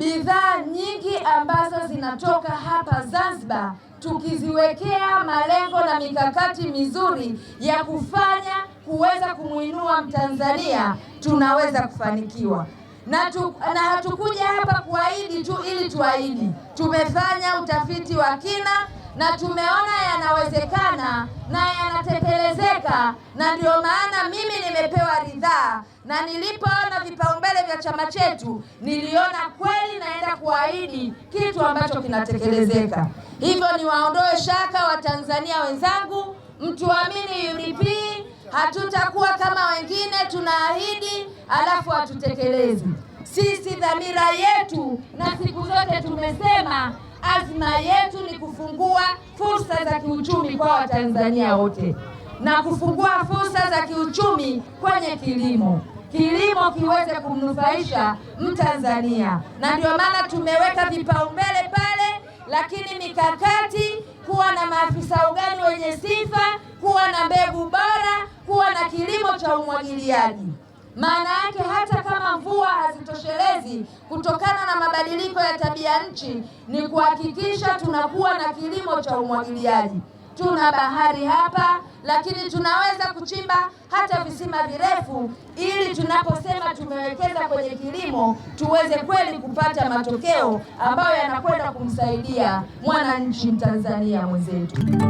bidhaa nyingi ambazo zinatoka hapa Zanzibar, tukiziwekea malengo na mikakati mizuri ya kufanya kuweza kumwinua Mtanzania, tunaweza kufanikiwa na, tu, na hatukuja hapa kuahidi tu ili tuahidi. Tumefanya utafiti wa kina na tumeona yanawezekana na yanatekelezeka, na ndio maana mimi nimepewa ridhaa, na nilipoona vipaumbele vya chama chetu niliona kweli naenda kuahidi kitu ambacho kinatekelezeka. Hivyo niwaondoe shaka Watanzania wenzangu, mtuamini UDP. Hatutakuwa kama wengine tunaahidi alafu hatutekelezi. Sisi dhamira yetu, na siku zote tumesema azma yetu ni kufungua fursa za kiuchumi kwa Watanzania wote na kufungua fursa za kiuchumi kwenye kilimo, kilimo kiweze kumnufaisha Mtanzania, na ndio maana tumeweka vipaumbele pale, lakini mikakati kuwa na maafisa ugani wenye sifa, kuwa na mbegu bora, kuwa na kilimo cha umwagiliaji. Maana yake hata kama kutokana na mabadiliko ya tabia nchi ni kuhakikisha tunakuwa na kilimo cha umwagiliaji. Tuna bahari hapa, lakini tunaweza kuchimba hata visima virefu, ili tunaposema tumewekeza kwenye kilimo tuweze kweli kupata matokeo ambayo yanakwenda kumsaidia mwananchi Mtanzania mwenzetu.